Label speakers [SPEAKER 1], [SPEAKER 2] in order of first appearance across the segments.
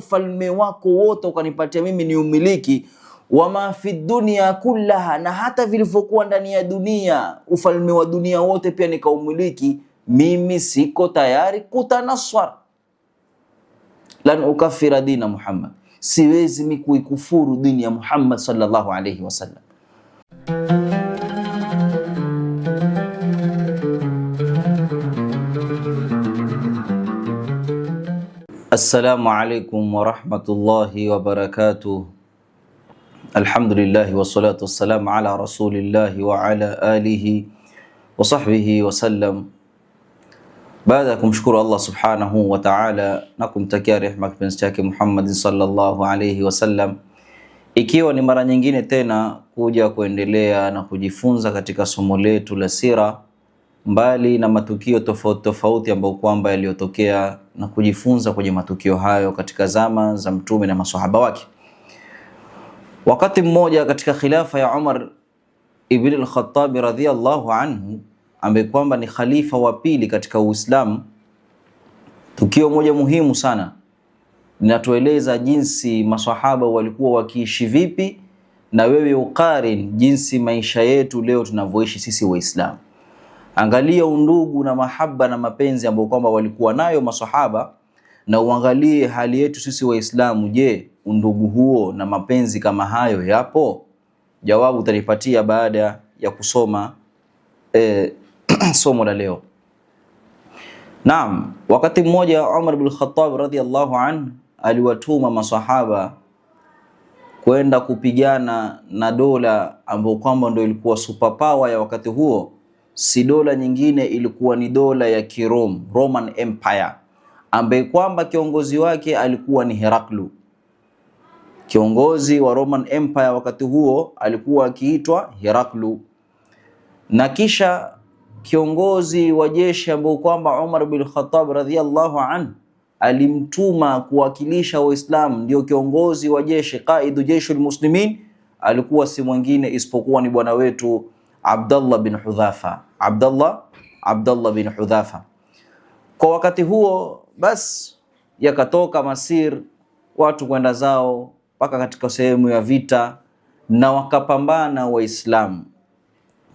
[SPEAKER 1] ufalme wako wote ukanipatia mimi ni umiliki ma fi dunia kullaha, na hata vilivyokuwa ndani ya dunia, ufalme wa dunia wote pia nikaumiliki mimi. Siko tayari kutanaswara, lan ukafira dina Muhammad, siwezi mikuikufuru dini ya Muhammad sallallahu alayhi wasallam. Assalamu alaikum warahmatullahi wabarakatuh. Alhamdulillahi wassalatu wassalamu ala rasulillahi wa ala alihi wa sahbihi wasallam. Baada ya kumshukuru Allah subhanahu wa ta'ala na kumtakia rehma kipenzi chake Muhammadin sallallahu alayhi wasallam, ikiwa ni mara nyingine tena kuja kuendelea na kujifunza katika somo letu la sira mbali na matukio tofauti tofauti ambayo kwamba yaliyotokea na kujifunza kwenye matukio hayo katika zama za mtume na maswahaba wake. Wakati mmoja katika khilafa ya Umar ibn al-Khattab radhiyallahu anhu, ambaye kwamba ni khalifa wa pili katika Uislamu, tukio moja muhimu sana linatueleza jinsi maswahaba walikuwa wakiishi vipi, na wewe ukarin jinsi maisha yetu leo tunavyoishi sisi Waislamu. Angalia undugu na mahaba na mapenzi ambayo kwamba walikuwa nayo masahaba, na uangalie hali yetu sisi Waislamu. Je, undugu huo na mapenzi kama hayo yapo? Jawabu utalipatia baada ya kusoma e, somo la leo. Naam, wakati mmoja Umar bin Khattab radhiyallahu an aliwatuma masahaba kwenda kupigana na dola ambayo kwamba ndio ilikuwa superpower ya wakati huo si dola nyingine, ilikuwa ni dola ya Kirom, Roman Empire, ambaye kwamba kiongozi wake alikuwa ni Heraklu. Kiongozi wa Roman Empire wakati huo alikuwa akiitwa Heraklu, na kisha kiongozi wa jeshi ambao kwamba Umar bin Khattab radhiyallahu an alimtuma kuwakilisha Waislamu, ndio kiongozi wa jeshi, qaidu jeshi muslimin, alikuwa si mwingine isipokuwa ni bwana wetu Abdallah bin Hudhafa, Abdallah Abdallah bin Hudhafa. Kwa wakati huo basi yakatoka Masir watu kwenda zao mpaka katika sehemu ya vita, na wakapambana Waislamu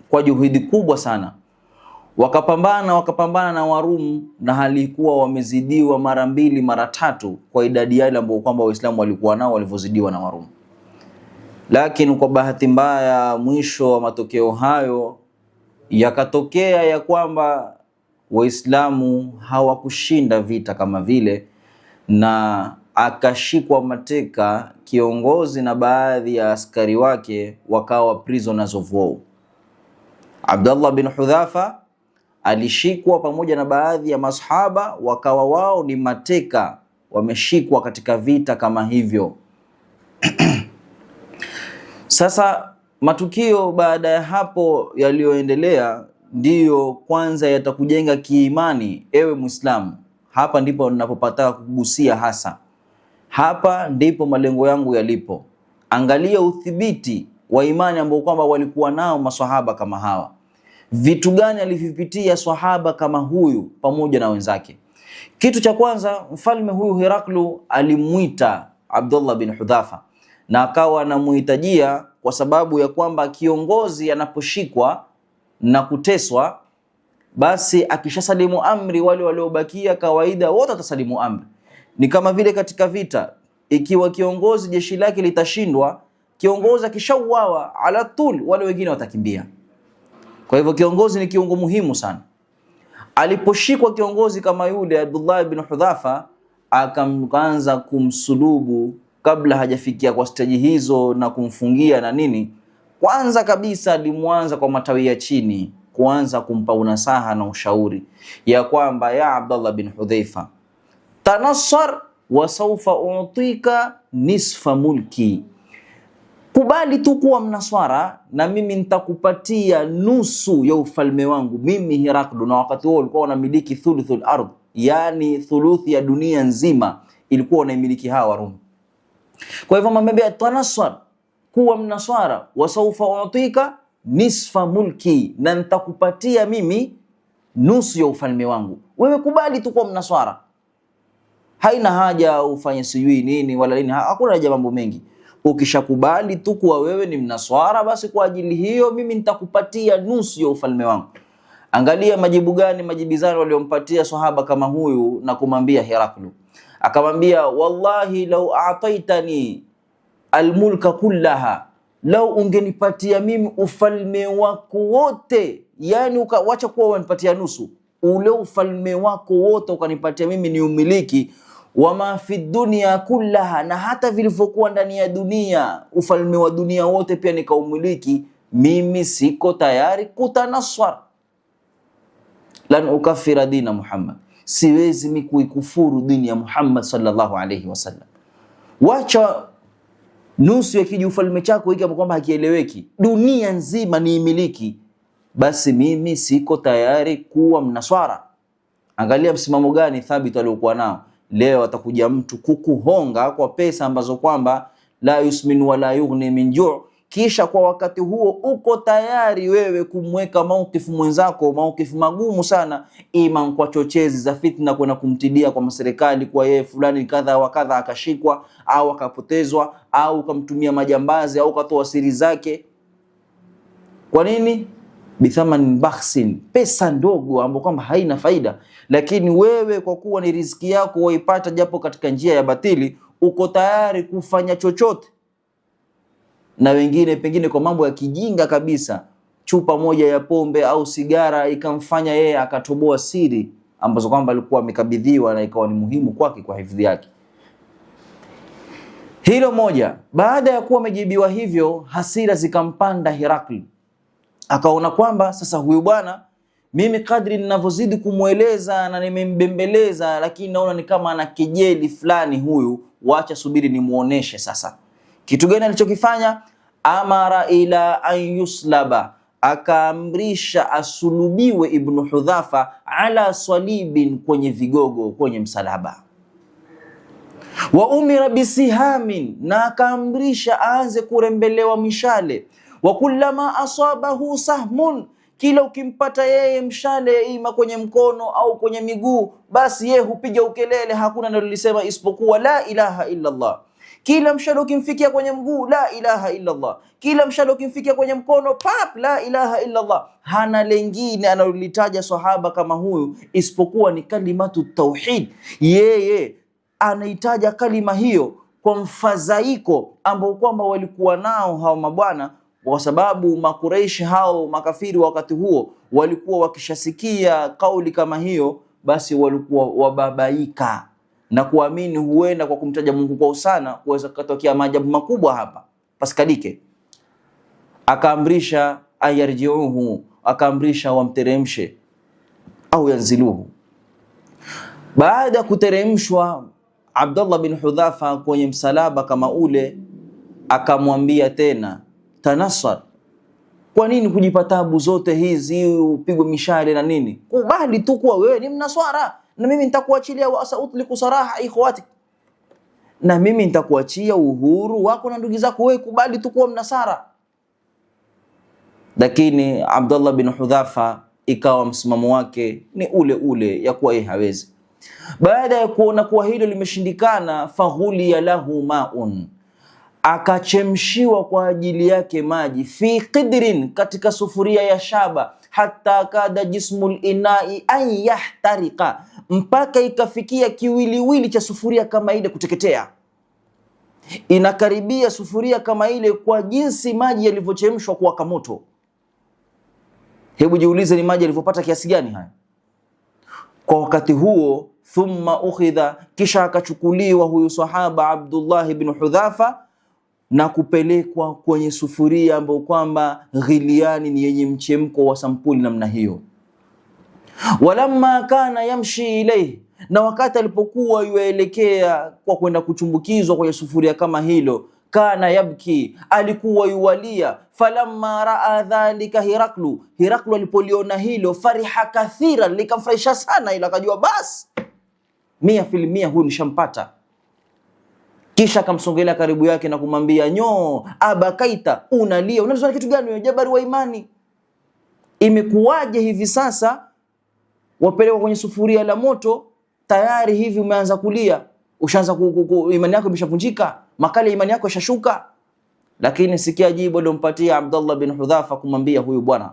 [SPEAKER 1] kwa juhudi kubwa sana, wakapambana wakapambana na Warumu, na halikuwa wamezidiwa mara mbili mara tatu kwa idadi yale ambayo kwamba Waislamu walikuwa nao walivyozidiwa na Warumu. Lakini kwa bahati mbaya, mwisho wa matokeo hayo yakatokea ya kwamba Waislamu hawakushinda vita kama vile, na akashikwa mateka kiongozi na baadhi ya askari wake wakawa prisoners of war. Abdullah bin Hudhafa alishikwa pamoja na baadhi ya masahaba, wakawa wao ni mateka, wameshikwa katika vita kama hivyo Sasa matukio baada ya hapo yaliyoendelea ndiyo kwanza yatakujenga kiimani, ewe Muislamu. Hapa ndipo ninapopata kugusia hasa, hapa ndipo malengo yangu yalipo. Angalia uthibiti wa imani ambao kwamba walikuwa nao maswahaba kama hawa. Vitu gani alivyopitia swahaba kama huyu pamoja na wenzake? Kitu cha kwanza, mfalme huyu Heraklu alimwita Abdullah bin Hudhafa na akawa anamuhitajia kwa sababu ya kwamba kiongozi anaposhikwa na kuteswa, basi akishasalimu amri, wale waliobakia kawaida wote watasalimu amri. Ni kama vile katika vita, ikiwa kiongozi jeshi lake litashindwa, kiongozi akishauawa ala tul, wale wengine watakimbia. Kwa hivyo kiongozi ni kiungo muhimu sana. Aliposhikwa kiongozi kama yule Abdullah bin Hudhafa, akaanza kumsulubu kabla hajafikia kwa steji hizo na kumfungia na nini, kwanza kabisa alimwanza kwa matawi ya chini kuanza kumpa unasaha na ushauri ya kwamba ya Abdallah bin Hudhaifa, tanassar wa sawfa utika nisfa mulki, kubali tu kuwa mnaswara na mimi nitakupatia nusu ya ufalme wangu mimi Heraklo. Na wakati huo ulikuwa unamiliki thuluthul ardh, yani thuluthi ya dunia nzima ilikuwa unaimiliki hawa Warumi. Kwa hivyo mamebea tanaswar, kuwa mnaswara, wasaufa utika nisfa mulki, na nitakupatia mimi nusu ya ufalme wangu. Wewe kubali tu kuwa mnaswara, haina haja ufanye sijui nini wala nini, hakuna haja mambo mengi. Ukishakubali tu kuwa wewe ni mnaswara, basi kwa ajili hiyo mimi nitakupatia nusu ya ufalme wangu. Angalia majibu gani majibizani waliompatia sahaba kama huyu na kumwambia Heraklu akamwambia, wallahi lau ataitani almulka kullaha, lau ungenipatia mimi ufalme wako wote, yani ukawacha kuwa wanipatia nusu, ule ufalme wako wote ukanipatia mimi ni umiliki wama fi dunia kullaha, na hata vilivyokuwa ndani ya dunia, ufalme wa dunia wote pia nikaumiliki mimi, siko tayari kutanaswar, lan ukafira dina Muhammad siwezi mi kuikufuru dini ya Muhammad sallallahu alaihi wasallam. Wacha nusu ya ufalme chako hiki kwamba hakieleweki, dunia nzima niimiliki, basi mimi siko tayari kuwa mnaswara. Angalia msimamo gani thabiti aliokuwa nao. Leo atakuja mtu kukuhonga kwa pesa ambazo kwamba la yusmin wala yughni min juu kisha kwa wakati huo uko tayari wewe kumweka maukifu mwenzako, maukifu magumu sana, iman kwa chochezi za fitna, kwenda kumtidia kwa maserikali kwa yeye fulani kadha wa kadha akashikwa au akapotezwa au ukamtumia majambazi au ukatoa siri zake. Kwa nini? Bithamani bakhsin, pesa ndogo ambayo kwamba haina faida, lakini wewe kwa kuwa ni riziki yako waipata japo katika njia ya batili, uko tayari kufanya chochote na wengine pengine kwa mambo ya kijinga kabisa, chupa moja ya pombe au sigara ikamfanya yeye akatoboa siri ambazo kwamba alikuwa amekabidhiwa na ikawa ni muhimu kwake kwa hifadhi yake. Hilo moja. Baada ya kuwa amejibiwa hivyo, hasira zikampanda Herakli, akaona kwamba sasa huyu bwana mimi kadri ninavyozidi kumweleza na nimembembeleza, lakini naona ni kama ana kejeli fulani huyu, wacha subiri nimuoneshe sasa kitu gani alichokifanya? Amara ila an yuslaba, akaamrisha asulubiwe Ibnu Hudhafa ala salibin, kwenye vigogo, kwenye msalaba. Wa umira bisihamin, na akaamrisha aanze kurembelewa mishale. Wa kullama asabahu sahmun kila ukimpata yeye mshale ima kwenye mkono au kwenye miguu, basi yeye hupiga ukelele, hakuna analolisema isipokuwa la ilaha illa Allah. Kila mshale ukimfikia kwenye mguu, la ilaha illa Allah. Kila mshale ukimfikia kwenye mkono, pap, la ilaha illa Allah. Hana lengine analolitaja sahaba kama huyu isipokuwa ni kalimatu tauhid. Yeye anaitaja kalima hiyo kwa mfadhaiko ambao kwamba walikuwa nao hao mabwana kwa sababu Makureishi hao makafiri wakati huo walikuwa wakishasikia kauli kama hiyo, basi walikuwa wababaika na kuamini huenda kwa kumtaja Mungu kwa sana kuweza kutokea maajabu makubwa hapa pasikadike. Akaamrisha ayarjiuhu, akaamrisha wamteremshe au yanziluhu. Baada ya kuteremshwa Abdullah bin Hudhafa kwenye msalaba kama ule, akamwambia tena tanasar, kwa nini kujipa tabu zote hizi, upigwe mishale na nini? Kubali tu kuwa wewe ni Mnaswara na mimi nitakuachilia, wa asautliku saraha ikhwati, na mimi nitakuachia uhuru wako na ndugu zako, wewe kubali tu kuwa mnasara. Lakini Abdullah bin Hudhafa ikawa msimamo wake ni ule ule ya kuwa yeye hawezi. Baada ya kuona kuwa hilo limeshindikana, faghulia lahu maun, akachemshiwa kwa ajili yake maji, fi qidrin, katika sufuria ya shaba, hatta kada jismul inai an yahtarika mpaka ikafikia kiwiliwili cha sufuria kama ile kuteketea. Inakaribia sufuria kama ile kwa jinsi maji yalivyochemshwa kuwaka moto. Hebu jiulize, ni maji yalivyopata kiasi gani haya kwa wakati huo? Thumma ukhidha, kisha akachukuliwa huyu sahaba Abdullah ibn Hudhafa na kupelekwa kwenye sufuria ambayo kwamba ghiliani ni yenye mchemko wa sampuli namna hiyo walamma kana yamshi ilaihi, na wakati alipokuwa yuaelekea kwa kwenda kuchumbukizwa kwenye sufuria kama hilo, kana yabki, alikuwa yualia. Falamma raa dhalika Hiraklu, Hiraklu alipoliona hilo, fariha kathira, likamfurahisha sana, ila akajua basi mia filimia huyu nishampata. Kisha akamsongelea karibu yake na kumwambia nyoo, abakaita, unalia, unalia kitu gani? Jabari wa imani, imekuwaje hivi sasa wapelekwa kwenye sufuria la moto, tayari hivi umeanza kulia, ushaanza imani yako imeshavunjika, makali imani yako yashashuka. Lakini sikia jibu aliompatia Abdullah bin Hudhafa kumwambia huyu bwana,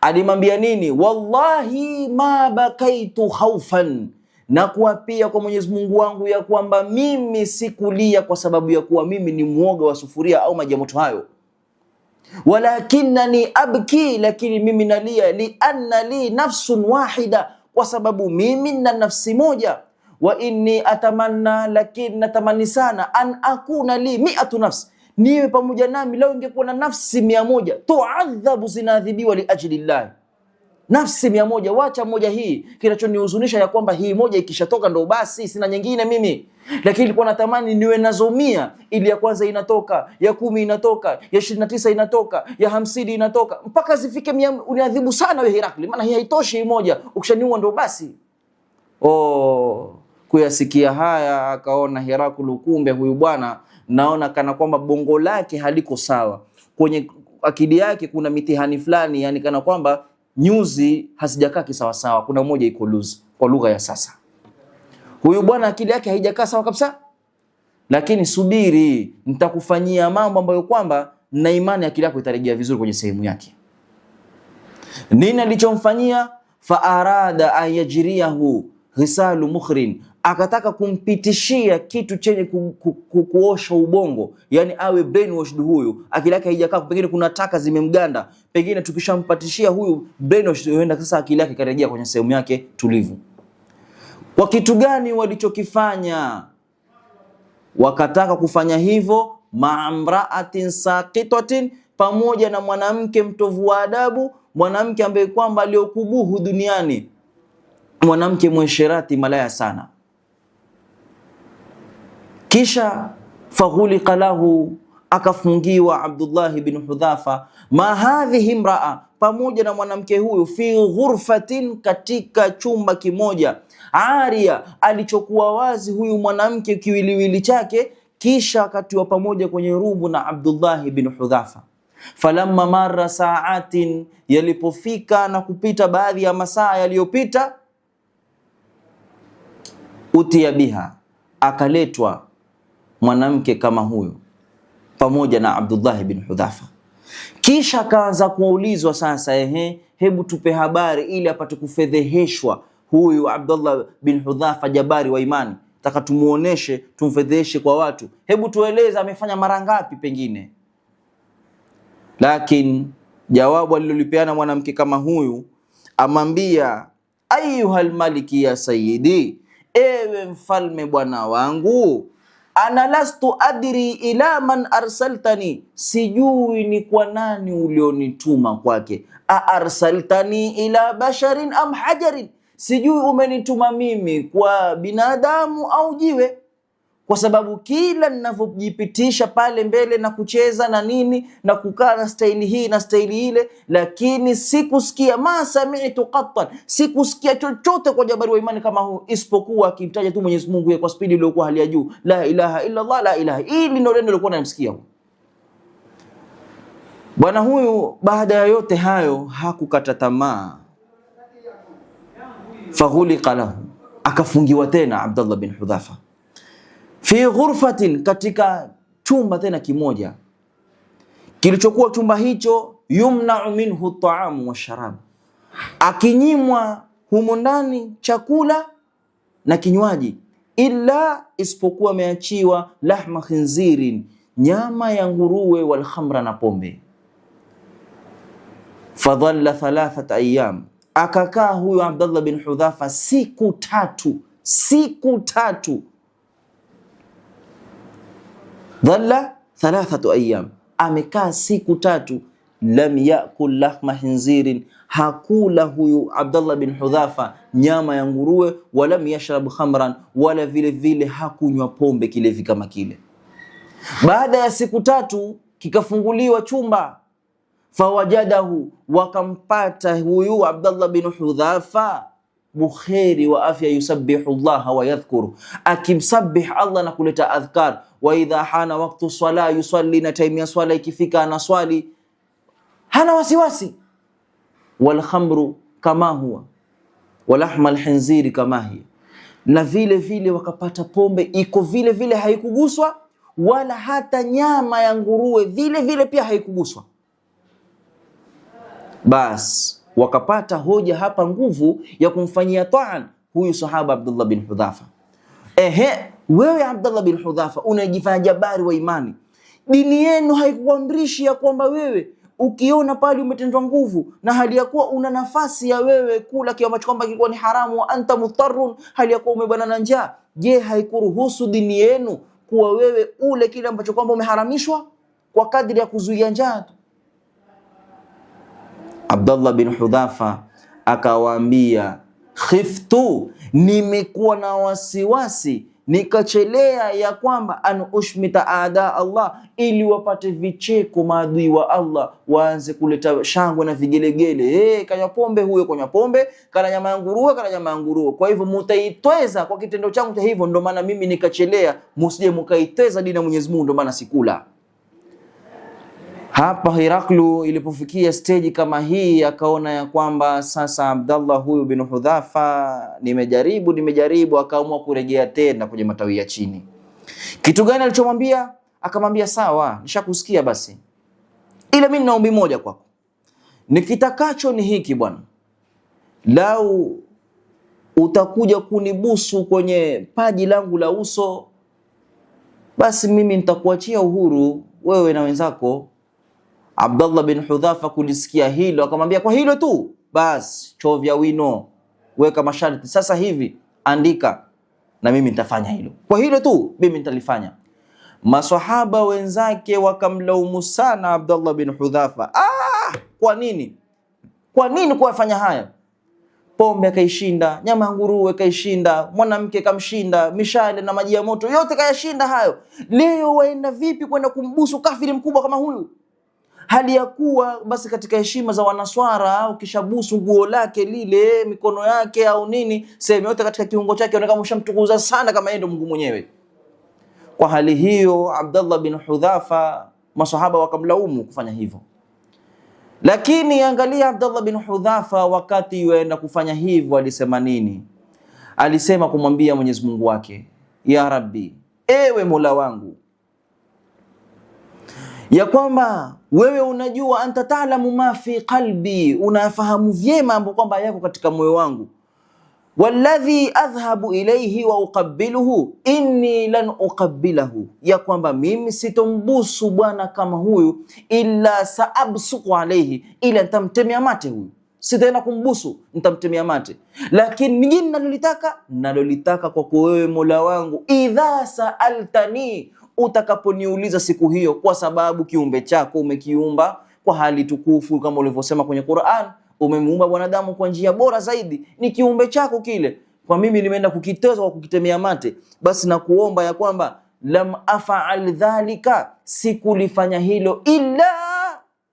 [SPEAKER 1] alimwambia nini? Wallahi ma bakaitu khaufan na kuapia kwa Mwenyezi Mungu wangu ya kwamba mimi sikulia kwa sababu ya kuwa mimi ni mwoga wa sufuria au maji ya moto hayo walakinani abki, lakini mimi nalia, lianna li nafsun wahida, kwa sababu mimi na nafsi moja. Wa inni atamanna, lakini natamani sana, an akuna li miatu nafsi, niwe pamoja nami leo ingekuwa na nafsi mia moja, tuadhabu, zinaadhibiwa liajli llahi nafsi mia moja, wacha moja hii. Kinachonihuzunisha ya kwamba hii moja ikishatoka ndo basi, sina nyingine mimi, lakini ilikuwa natamani niwe nazo mia, ili ya kwanza inatoka, ya kumi inatoka, ya ishirini na tisa inatoka, ya hamsini inatoka, mpaka zifike mia. Uniadhibu sana we Herakli, maana hii haitoshi, hii moja ukishaniua ndo basi. Oh, kuyasikia haya akaona Heraklu, kumbe huyu bwana naona kana kwamba bongo lake haliko sawa, kwenye akili yake kuna mitihani fulani, yani kana kwamba nyuzi hazijakaa kisawasawa, kuna moja iko loose kwa lugha ya sasa. Huyu bwana akili yake haijakaa sawa kabisa, lakini subiri, nitakufanyia mambo ambayo kwamba na imani akili yako itarejea vizuri kwenye sehemu yake. Nini alichomfanyia? Fa arada an risalu mukhrin akataka kumpitishia kitu chenye ku, ku, ku, kuosha ubongo, yani awe brainwashed huyu, akili yake haijakaa, pengine kuna taka zimemganda, pengine tukishampatishia huyu brainwashed, huenda sasa akili yake karejea kwenye sehemu yake tulivu. Kwa kitu gani walichokifanya? Wakataka kufanya hivyo maamraatin saqitatin, pamoja na mwanamke mtovu wa adabu, mwanamke ambaye kwamba aliokubuhu duniani, mwanamke mwesherati, malaya sana kisha faghuliqa lahu, akafungiwa Abdullahi bin Hudhafa, ma hadhihi mraa, pamoja na mwanamke huyu, fi ghurfatin, katika chumba kimoja, aria, alichokuwa wazi huyu mwanamke kiwiliwili chake, kisha akatiwa pamoja kwenye rubu na Abdullahi bin Hudhafa. Falamma mara saatin, yalipofika na kupita baadhi ya masaa yaliyopita, utiya biha, akaletwa mwanamke kama huyu pamoja na Abdullah bin Hudhafa. Kisha akaanza kuulizwa sasa, ehe, hebu tupe habari ili apate kufedheheshwa huyu Abdullah bin Hudhafa, jabari wa imani, taka tumuoneshe, tumfedheheshe kwa watu, hebu tueleze amefanya mara ngapi pengine. Lakini jawabu alilolipeana mwanamke kama huyu, amwambia ayuhal maliki ya sayyidi, ewe mfalme bwana wangu ana lastu adri ila man arsaltani, sijui ni kwa nani ulionituma kwake. a arsaltani ila basharin am hajarin, sijui umenituma mimi kwa binadamu au jiwe kwa sababu kila ninavyojipitisha pale mbele na kucheza na nini na kukaa na staili hii na staili ile, lakini sikusikia ma samitu qattan, sikusikia chochote kwa jabari wa imani kama huu, isipokuwa akimtaja tu Mwenyezi Mungu kwa spidi iliyokuwa hali ya juu, la ilaha illa Allah, la ilaha. ili ndio neno alikuwa anamsikia huyu bwana huyu. Baada ya yote hayo, hakukata tamaa, faghuliqa lahu, akafungiwa tena Abdullah bin Hudhafa fi ghurfatin, katika chumba tena kimoja kilichokuwa chumba hicho, yumnau minhu taamu washarabu, akinyimwa humo ndani chakula na kinywaji, illa isipokuwa ameachiwa lahma khinzirin, nyama ya nguruwe, walhamra na pombe. Fadhalla thalathat ayyam, akakaa huyo Abdallah bin Hudhafa siku tatu, siku tatu dhalla thalathatu ayyam, amekaa siku tatu. Lam yakul lahma hinzirin, hakula huyu Abdallah bin Hudhafa nyama ya nguruwe. Walam yashrab khamran, wala vile vile hakunywa pombe kilevi kama kile. Baada ya siku tatu kikafunguliwa chumba fawajadahu, wakampata huyu Abdallah bin Hudhafa bukheri wa afya, yusabihu llaha wa yadhkuru, akimsabih Allah na kuleta adhkar wa idha hana waktu swala yusalli, na time ya swala ikifika anaswali, hana wasiwasi. Walhamru kama huwa walahma alhinziri kama hiya, na vile vile wakapata pombe iko vile vile haikuguswa, wala hata nyama ya nguruwe vile vile pia haikuguswa. Bas wakapata hoja hapa nguvu ya kumfanyia taan huyu sahaba Abdullah bin Hudhafa, ehe wewe Abdallah bin Hudhafa unajifanya jabari wa imani, dini yenu haikuamrishi ya kwamba wewe ukiona pale umetendwa nguvu na hali ya kuwa una nafasi ya wewe kula kile ambacho kwamba kilikuwa ni haramu, wa anta mutarrun, hali ya kuwa umebana na njaa. Je, haikuruhusu dini yenu kuwa wewe ule kile ambacho kwamba umeharamishwa kwa kadri ya kuzuia njaa tu? Abdallah bin Hudhafa akawaambia, khiftu, nimekuwa na wasiwasi nikachelea ya kwamba an ushmita aada Allah, ili wapate vicheko maadui wa Allah, waanze kuleta shangwe na vigelegele. Hey, eh, kanywa pombe huyo, kanywa pombe, kana nyama ya nguruwe, kana nyama ya nguruwe. Kwa hivyo mutaitweza kwa kitendo changu cha hivyo, ndo maana mimi nikachelea, musije mukaitweza dini ya Mwenyezi Mungu, ndo maana sikula. Hapa Hiraklu ilipofikia steji kama hii, akaona ya kwamba sasa Abdallah huyu bin Hudhafa, nimejaribu nimejaribu, akaamua kurejea tena kwenye matawi ya chini. Kitu gani alichomwambia? Akamwambia sawa, nishakusikia basi, ila mimi naombi moja kwako, nikitakacho ni hiki bwana, lau utakuja kunibusu kwenye paji langu la uso, basi mimi nitakuachia uhuru wewe na wenzako Abdallah bin Hudhafa kulisikia hilo, akamwambia kwa hilo tu basi, chovya wino, weka masharti sasa hivi, andika na mimi nitafanya hilo. Kwa hilo tu mimi nitalifanya. Maswahaba wenzake wakamlaumu sana Abdallah bin Hudhafa. Ah, kwa nini? Kwa nini kuwafanya haya? Pombe kaishinda, nyama ya nguruwe kaishinda, mwanamke kamshinda, mishale na maji ya moto yote kayashinda hayo. Leo waenda vipi kwenda kumbusu kafiri mkubwa kama huyu? hali ya kuwa basi katika heshima za Wanaswara, ukishabusu nguo lake lile, mikono yake au nini, sehemu yote katika kiungo chake, unaona kama ushamtukuza sana, kama yeye ndo Mungu mwenyewe. Kwa hali hiyo, Abdullah bin Hudhafa, masahaba wakamlaumu kufanya hivyo. Lakini angalia Abdullah bin Hudhafa, wakati waenda kufanya hivyo alisema nini? Alisema kumwambia Mwenyezi Mungu wake, ya Rabbi, ewe Mola wangu ya kwamba wewe unajua, anta taalamu ma fi qalbi, unafahamu vyema ambapo kwamba yako katika moyo wangu walladhi adhhabu ilayhi wa uqabbiluhu inni lan uqabbilahu, ya kwamba mimi sitombusu bwana kama huyu, illa saabsuku alayhi, ila ntamtemea mate huyu, sitaenda kumbusu, ntamtemea mate. Lakini ningine nalolitaka nalolitaka kwa wewe mola wangu, idha saaltani utakaponiuliza siku hiyo, kwa sababu kiumbe chako umekiumba kwa hali tukufu kama ulivyosema kwenye Qur'an. Umemuumba mwanadamu kwa njia bora zaidi, ni kiumbe chako kile. Kwa mimi nimeenda kukiteza kwa kukitemea mate, basi na kuomba ya kwamba lam afaal dhalika, sikulifanya hilo illa,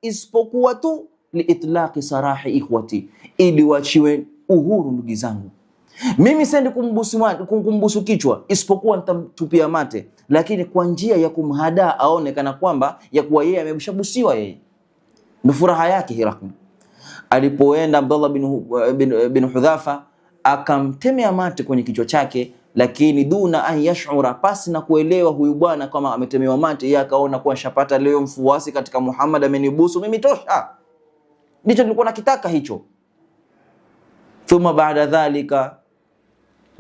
[SPEAKER 1] isipokuwa tu liitlaqi sarahi ikhwati, ili wachiwe uhuru ndugu zangu. Mimi sendi kumbusu, kumbusu kichwa isipokuwa nitamtupia mate, lakini kwa njia ya kumhadaa aone kana kwamba ya kuwa yeye ameshabusiwa, yeye ndio furaha yake. alipoenda Abdullah bin, eh, bin, eh, bin Hudhafa akamtemea mate kwenye kichwa chake, lakini duna an yashura, pasi na kuelewa huyu bwana kama ametemewa mate, yeye akaona kuwa shapata leo mfuasi katika Muhammad, amenibusu mimi, tosha, ndicho nilikuwa nakitaka hicho. Thumma baada dhalika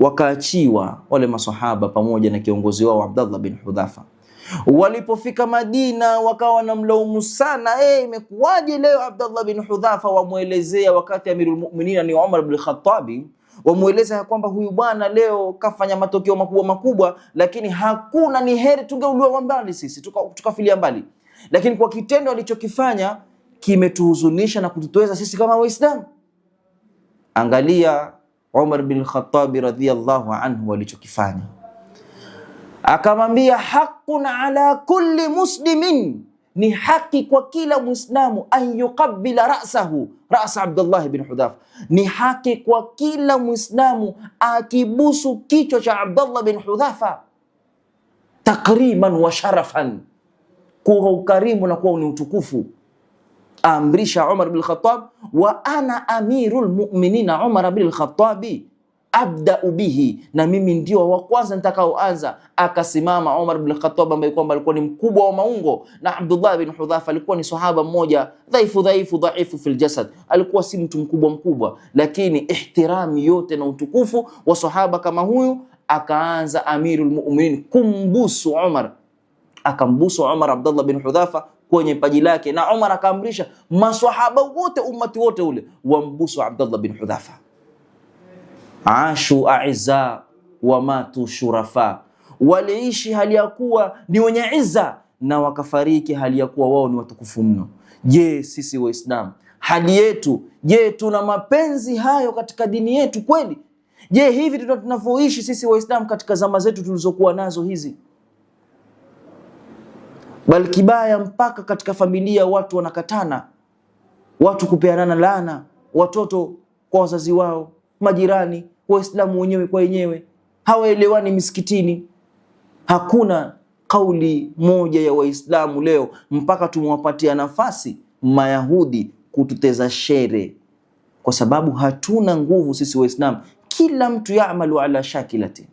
[SPEAKER 1] wakaachiwa wale masahaba pamoja na kiongozi wao Abdallah bin Hudhafa. Walipofika Madina wakawa na mlaumu sana, eh, imekuwaje leo Abdallah bin Hudhafa wamwelezea wakati Amirul Mu'minin ni Umar bin Khattab, wamweleza ya kwamba huyu bwana leo kafanya matokeo makubwa makubwa, lakini hakuna ni heri tungeuliwa mbali sisi tukafilia tuka mbali, lakini kwa kitendo alichokifanya kimetuhuzunisha na kututoeza sisi kama Waislamu. Angalia Umar bin Khattab radhiyallahu anhu walichokifanya, akamwambia haqqun ala kulli muslimin, ni haki kwa kila mwislamu an yuqabbila rasahu rasa Abdullah bin Hudhafa, ni haki kwa kila mwislamu akibusu kichwa cha Abdullah bin Hudhafa takriman wa sharafan, kuwa ukarimu na kuwa ni utukufu amrisha Umar bin Khattab, wa ana amirul mu'minina Umar bin Khattabi abdau bihi, na mimi ndio wa kwanza nitakaoanza. Akasimama Umar bin Khattab ambaye kwamba alikuwa ni mkubwa wa maungo, na Abdullah bin Hudhafa alikuwa ni sahaba mmoja dhaifu dhaifu dhaifu fil jasad, alikuwa si mtu mkubwa mkubwa, lakini ihtirami yote na utukufu wa sahaba kama huyu, akaanza amirul mu'minin kumbusu Umar, akambusu Umar Abdullah bin Hudhafa kwenye paji lake, na Umar akaamrisha maswahaba wote, ummati wote ule wambusu Abdullah bin Hudhafa. Ashu aiza wamatu shurafa, waliishi hali ya kuwa ni wenye iza na wakafariki hali ya kuwa wao ni watukufu mno. Je, sisi waislam hali yetu, je, tuna mapenzi hayo katika dini yetu kweli? Je, hivi tunavyoishi sisi waislam katika zama zetu tulizokuwa nazo hizi? bali kibaya mpaka katika familia watu wanakatana, watu kupeanana laana, watoto kwa wazazi wao, majirani, Waislamu wenyewe kwa wenyewe, hawaelewani misikitini. Hakuna kauli moja ya Waislamu leo, mpaka tumewapatia nafasi Mayahudi kututeza shere, kwa sababu hatuna nguvu sisi Waislamu. Kila mtu yaamalu ala shakilati.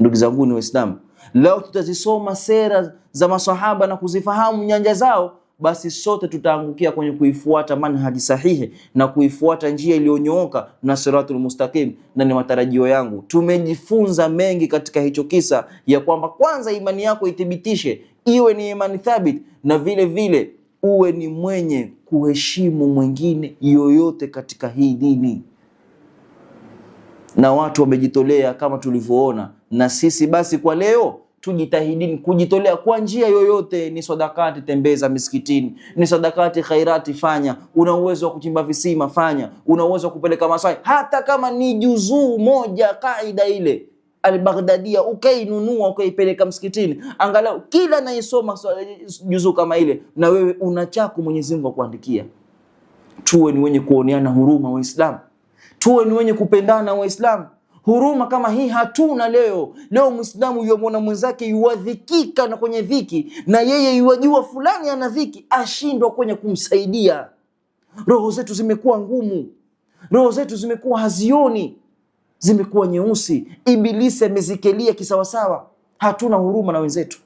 [SPEAKER 1] Ndugu zangu ni Waislamu, lao tutazisoma sera za masahaba na kuzifahamu nyanja zao, basi sote tutaangukia kwenye kuifuata manhaji sahihi na kuifuata njia iliyonyooka na siratul mustaqim. Na ni matarajio yangu tumejifunza mengi katika hicho kisa, ya kwamba kwanza imani yako ithibitishe, iwe ni imani thabit, na vile vile uwe ni mwenye kuheshimu mwingine yoyote katika hii dini, na watu wamejitolea kama tulivyoona na sisi basi kwa leo tujitahidini kujitolea kwa njia yoyote, ni sadakati, tembeza misikitini, ni sadakati, khairati fanya. Una uwezo wa kuchimba visima fanya, una uwezo wa kupeleka masai, hata kama ni juzuu moja, kaida ile Albagdadia ukainunua ukaipeleka msikitini, angalau kila anayesoma juzuu kama ile, na wewe una chako Mwenyezi Mungu akuandikia. Tuwe ni wenye kuoneana huruma Waislamu, tuwe ni wenye kupendana Waislamu. Huruma kama hii hatuna leo. Leo Mwislamu yuamwona mwenzake yuwadhikika na kwenye dhiki, na yeye yuwajua fulani ana dhiki, ashindwa kwenye kumsaidia. Roho zetu zimekuwa ngumu, roho zetu zimekuwa hazioni, zimekuwa nyeusi. Ibilisi amezikelia kisawasawa, hatuna huruma na wenzetu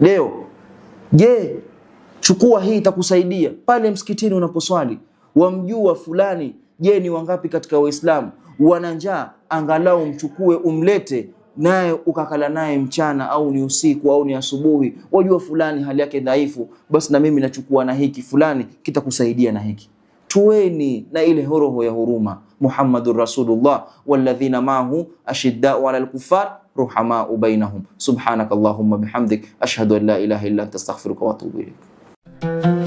[SPEAKER 1] leo. Je, chukua hii, itakusaidia pale msikitini unaposwali. Wamjua fulani, je, ni wangapi katika Waislamu wana njaa, angalau mchukue umlete naye ukakala naye mchana au ni usiku au ni asubuhi, wajua fulani hali yake dhaifu, basi na mimi nachukua na hiki fulani kitakusaidia na hiki. Tuweni na ile roho ya huruma. Muhammadur Rasulullah walladhina maahu ashiddau ala lkufar ruhamau bainahum. Subhanakallahumma bihamdik ashhadu an la ilaha illa anta astaghfiruka wa atubu ilaik.